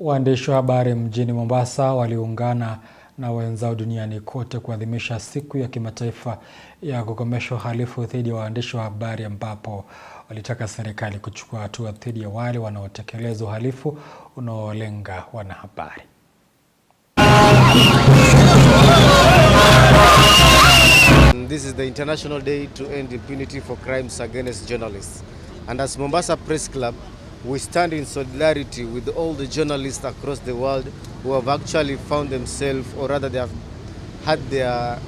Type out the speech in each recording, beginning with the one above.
Waandishi wa habari mjini Mombasa waliungana na wenzao duniani kote kuadhimisha Siku ya Kimataifa ya Kukomesha Uhalifu dhidi ya Waandishi wa Habari ambapo walitaka serikali kuchukua hatua dhidi ya wale wanaotekeleza uhalifu unaolenga wanahabari. This is the International Day to End Impunity for Crimes Against Journalists. And as Mombasa Press Club we stand in solidarity with all the journalists across the world who have actually found themselves, or rather they have had their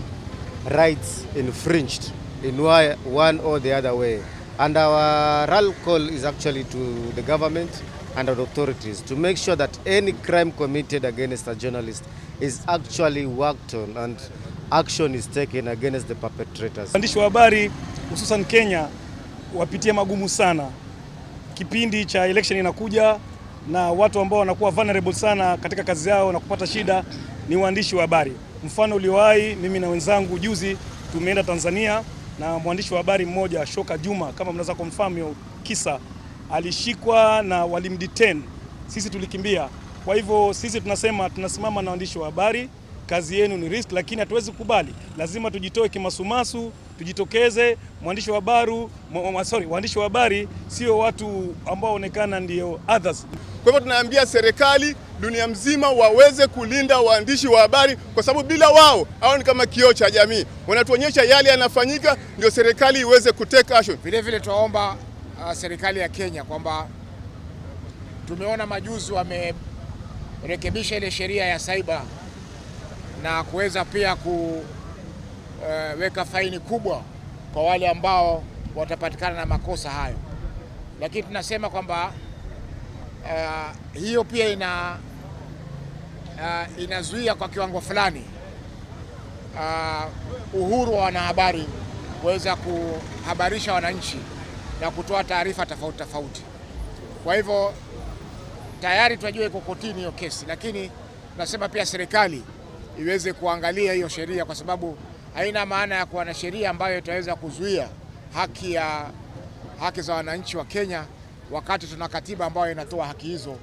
rights infringed in one or the other way. And our RAL call is actually to the government and our authorities to make sure that any crime committed against a journalist is actually worked on and action is taken against the perpetrators. Waandishi wa habari hususan Kenya wapitia magumu sana kipindi cha election inakuja na watu ambao wanakuwa vulnerable sana katika kazi yao na kupata shida ni waandishi wa habari. Mfano uliowahi, mimi na wenzangu juzi tumeenda Tanzania na mwandishi wa habari mmoja Shoka Juma, kama mnaweza kumfahamu, kisa alishikwa na walimdetain, sisi tulikimbia. Kwa hivyo sisi tunasema tunasimama na waandishi wa habari kazi yenu ni risk, lakini hatuwezi kukubali lazima tujitoe kimasumasu, tujitokeze. Mwandishi wa habari sorry, waandishi wa habari sio watu ambao waonekana ndio others. Kwa hivyo tunaambia serikali dunia mzima waweze kulinda waandishi wa habari, kwa sababu bila wao hao ni kama kioo cha jamii, wanatuonyesha yale yanafanyika, ndio serikali iweze kutake action. Vile vile tuomba uh, serikali ya Kenya kwamba tumeona majuzi wamerekebisha ile sheria ya cyber na kuweza pia kuweka eh, faini kubwa kwa wale ambao watapatikana na makosa hayo. Lakini tunasema kwamba uh, hiyo pia ina uh, inazuia kwa kiwango fulani uh, uhuru wa wanahabari kuweza kuhabarisha wananchi na kutoa taarifa tofauti tofauti. Kwa hivyo tayari tunajua iko kotini hiyo kesi, lakini tunasema pia serikali iweze kuangalia hiyo sheria, kwa sababu haina maana ya kuwa na sheria ambayo itaweza kuzuia haki, ya, haki za wananchi wa Kenya wakati tuna katiba ambayo inatoa haki hizo